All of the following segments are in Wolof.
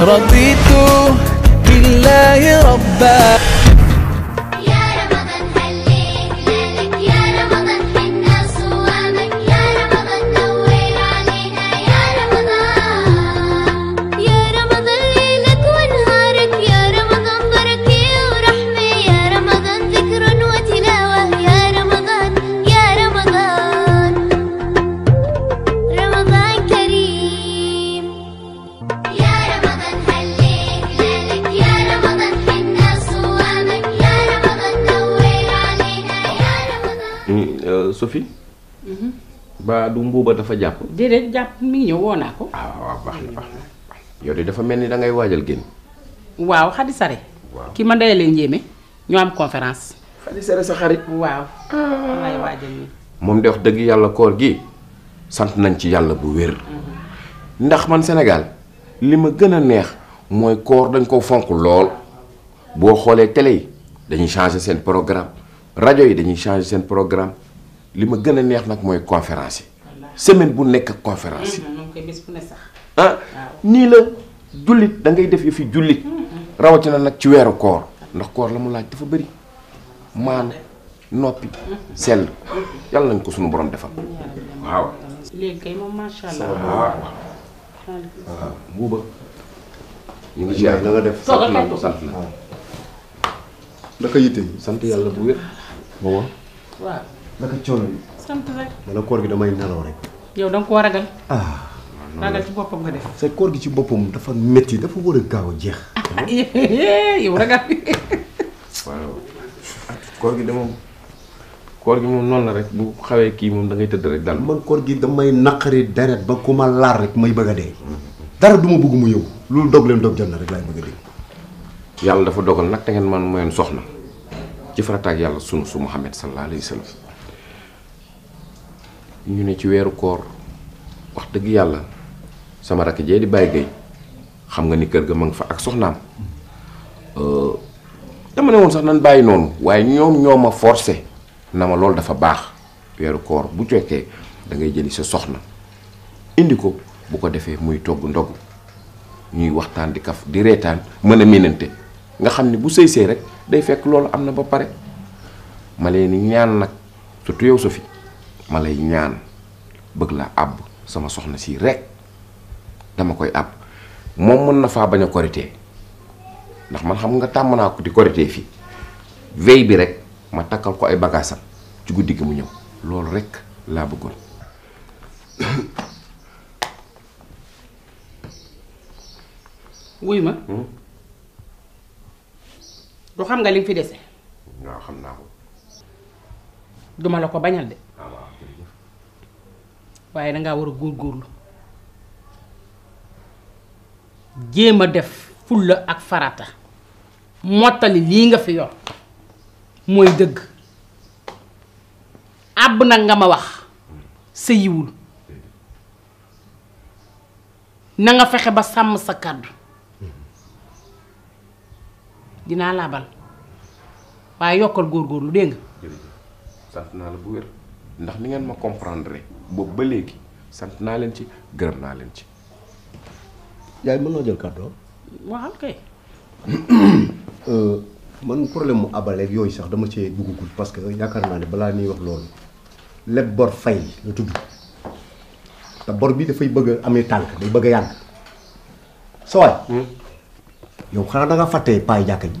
رضيت بالله ربا Sophie mm-hmm. ba du mbuuba dafa japp. Dede japp mi ñu ñëw ko ah wa bax na baax yow de dafa melni da ngay wajal génn waaw xadi sare ki ma ndeye leen jéeme ñu am conférence xadi sare sa xarit waaw lay ah. wajal ni Mom de wax deug Yalla koor gi sant nañ ci Yalla bu wër. Mm-hmm. ndax man Sénégal lima gëna neex moy koor dañ ko fonk lool Bo xolé télé dañuy changer sen programme Radio yi dañuy changer sen programme lima ma gën a neex nag mooy conférence yi semaine bu nekk conférence yi mhm, ah nii la jullit da ngay def yëfi jullit mhm, mhm. rawatina nag ci weeru koor ndax koor la mu laaj dafa bëri maan noppi sell yàlla nañ ko suñu borom defal waaw léegi kay moom macha waaw ah, buuba ñu ngi siyaar na nga def sant naa ko sant naa naka yitte sant yàlla bu wér waaw naka coono bi. sant rek. ma ne koor gi damay nelaw rek. yow da nga ragal. ah ragal ci boppam nga def. sa koor gi ci boppam dafa métti dafa war a gaaw a jeex. yow ragal. waaw koor gi de moom koor gi moom noonu la rek bu xawee kii moom da kan ngay tëdd rek dal. man koor gi damay naqari deret ba ku ma rek may bëgg a dara du bëgg mu yëw loolu dog leen dog jot na rek laay bëgg a dee. yàlla dafa dogal nag te ngeen man mayoon soxna ci farataak yàlla sunu su Muhammad sallallahu alayhi wa ñu ne ci wéru koor wax dëgg yalla sama rakk jé di gay xam nga ni kër ga ma nga fa ak euh dama né won sax nan bàyyi non waaye ñom ñoma ma forcé na ma dafa bax wéru koor bu jéké da ngay jëli sa soxna indi ko bu ko défé muy togg ndog ñuy waxtaan di kaf di reetaan mëna minenté nga xamni bu sey sey rek day fekk loolu amna ba paré ñaan nak yow malay ñaan bëgg la ab sama soxna si rek dama koy ab moom mën na fa baña korité ndax man xam nga tam na ko di korité fi veille bi rek ma takal ko ay bagaasam ci guddi gi mu ñew lool rek la bëggoon wuyma ma hmm? xam nga li fi déssé nga xam na ko duma la ko bañal de da nga wara gor gor lu jema def fulla ak farata motali li nga fi yor moy deug ab na nga ma wax seyiwul na nga fexé ba sam sa kàddu dinaa waye yokal gor gor lu nga sant na la bu wer ndax ni ngeen ma comprendre boobu ba léegi sant naa leen ci gërëm naa leen ci. yaay mën naa jël kàddoo. waaw kay. Euh, man problème mu abaleeg yooyu sax dama cee buggugul parce que yaakaar naa ne balaa ñuy wax loolu leb bor fay la tudd te bor bi dafay bëgg a amee tànk day bëgg a yàgg sa waay hmm? yow xanaa da nga fàtte paay jàkka ji.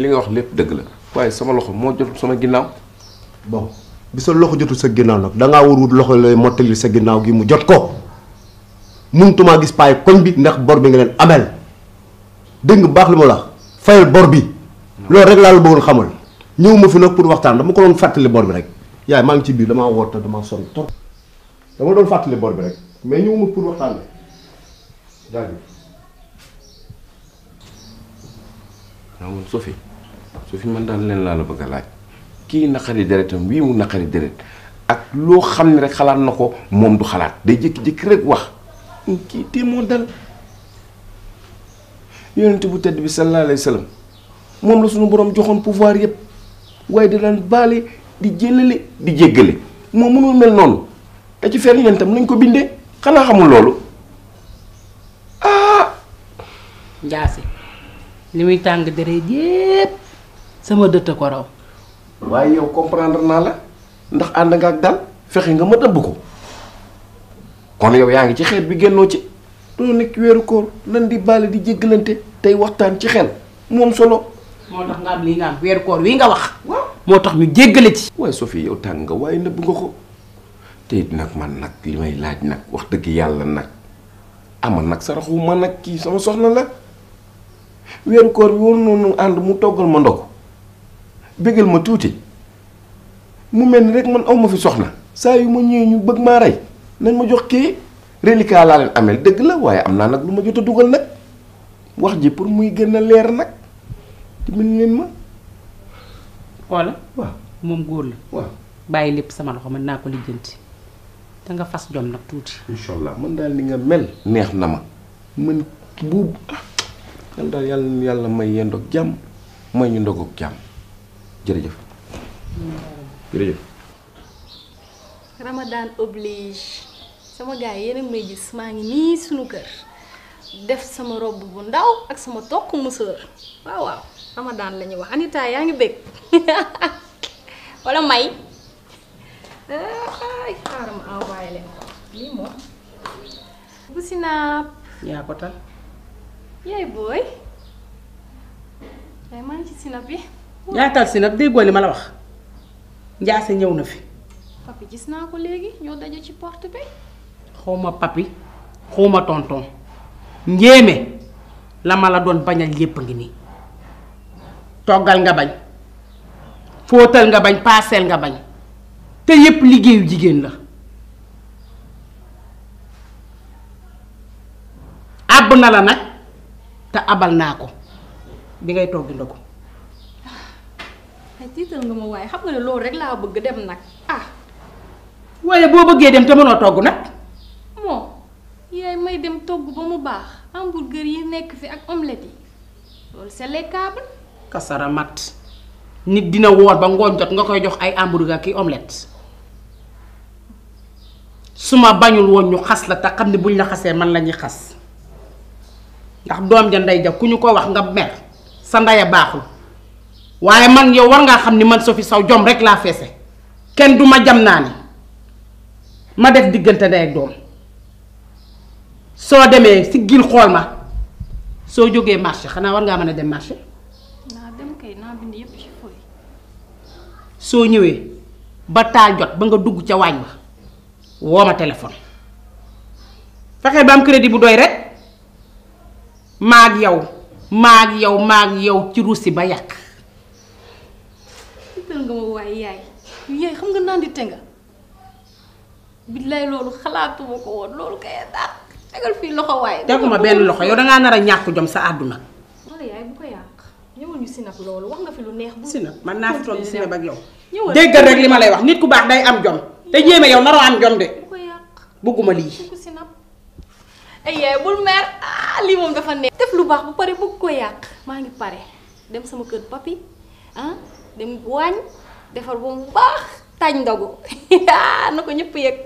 li nga wax lépp dëgg la waaye sama loxo moo jotul sama ginnaaw. bon bi sa loxo jotul sa ginnaaw nag da ngaa wut loxo lay mottali sa ginnaaw gi mu jot ko mënutumaa gis paay koñ bi ndax bor bi nga leen amel dégg baax li ma la fayal bor bi. loolu rek laa la bëggoon xamal ñëw ma fi nag pour waxtaan dama ko doon fàttali bor bi rek yaay maa ngi ci biir damaa woote damaa sonn trop dama doon fàttali bor bi rek mais ñëw ma pour waxtaan la su fi man daan leen laa la bëgg a laaj kii naqari deretam wii mu naqari deret ak loo xam ne rek xalaat na ko moom du xalaat day jékki-jékki rek wax hmm, kii te moo dal yonent bu tedd bi sallallahu alayhi wa moom la suñu borom joxoon pouvoir yëpp waaye da daan baale di jëlale di jéggale moo mënul mel noonu da ci fer tam nañ ko bindee xanaa xamul loolu ah. Njaase li muy tàng deret yépp sama dëtt ko raw. waaye yow comprendre naa la ndax ànd nga ak dal fexe nga ma dëbb ko kon yow yaa ngi ci xeet bi génnoo ci. doo nekk weeru koor lan di baale di jéggalante tey waxtaan ci xel moom solo. moo tax nga wi nga wax. moo tax ñu jéggale ci. waaye Sophie yow tàng nga waaye nëbb nga ko te nag man nag li may laaj nag wax dëgg yàlla nag ama nag saraxuma nag kii sama soxna la weeru koor bi noonu ànd mu toggal ma ndogu begel ma tuuti mu mel rek man awma fi soxna sa yu ma ñew ñu bëgg ma ray nañ ma jox ki relika la len amel deug la waye am nak luma lu duggal nak nak, wax ji pour muy gëna leer nak di mel len ma. wala wa mom goor la. wa bàyyi lepp sama loxo man nako lijeenti da nga fas jom nak inshallah man dal ni nga mel. neex nama, man bu dal ah, daal yalla yàlla may yendok jam may ñu ndogok jam jërëjëf jërëjëf ramadan oblige sama gaay yi yéen may gis maa ngi nii sunu kër def sama robbu bu ndaw ak sama tokk musóor waaw waaw ramadan la ñuy wax Anita yaa ngi bég wala may ay xaaral ma envoyé leen ko lii moom bu si naab yaa ko tal yaay booy yaay maa ngi ci sinap yi yaatal si nag déggoo li ma la wax njaase ñëw na fi. papi gis naa ko léegi ñoo daje ci porte bi. xawma papi ma tonton njéeme la ma la doon bañal yépp ngi nii toggal nga bañ fóotal nga bañ paaseel nga bañ te yépp liggéeyu jigéen la àbb na la nag te abal naa ko bi ngay togg ndogu ay tiital nga waaye xam nga ne loolu rek laa bëgg dem nag ah. waaye boo bëggee dem te mënoo togg nag. moo yaay may dem togg ba mu baax gër yi nekk fi ak omelette yi loolu c'est lekkable. kasara mat nit dina woor ba ngooñ jot nga koy jox ay hamburger ki omelette su ma bañul woon ñu xas la te xam ne buñ la xasee man la ñuy xas ndax doom ja ndey ja ku ñu ko wax nga mer sa ndey a baaxul. waaye man yow war ngaa xam ni man fi saw jom rek laa feese kenn du ma jam naa ni ma def diggante ndey ak doom soo demee si gil xool ma soo jógee marché xanaa war ngaa mën a dem marché. soo ñëwee ba taa jot ba nga dugg ca waañ ba woo ma téléphone fexe ba am crédit bu doy rek maa yow maag yow maag yow ci ruusi ba yàq. xelal nga ma way yaay yaay xam nga nandi te nga billahi loolu khalaatu mako won loolu kay dàq tegal fi loxo waay teguma ben loxo yow da nga nara ñak jom sa aduna wala yaay bu ko yàq ñëwal ñu sinab loolu wax nga fi lu neex bu sinab man na fi tok sinab ak yow déggal rek lima lay wax nit ku baax day am jom te jema yow naro am jom de bu ko yàq buguma li ay yaay bul mer ah li mom dafa neex def lu baax bu pare bu ko yàq ma ngi pare dem sama keur papi ah dem waañ defar ba mu baax tàñ ndogu na ko ñëpp yëg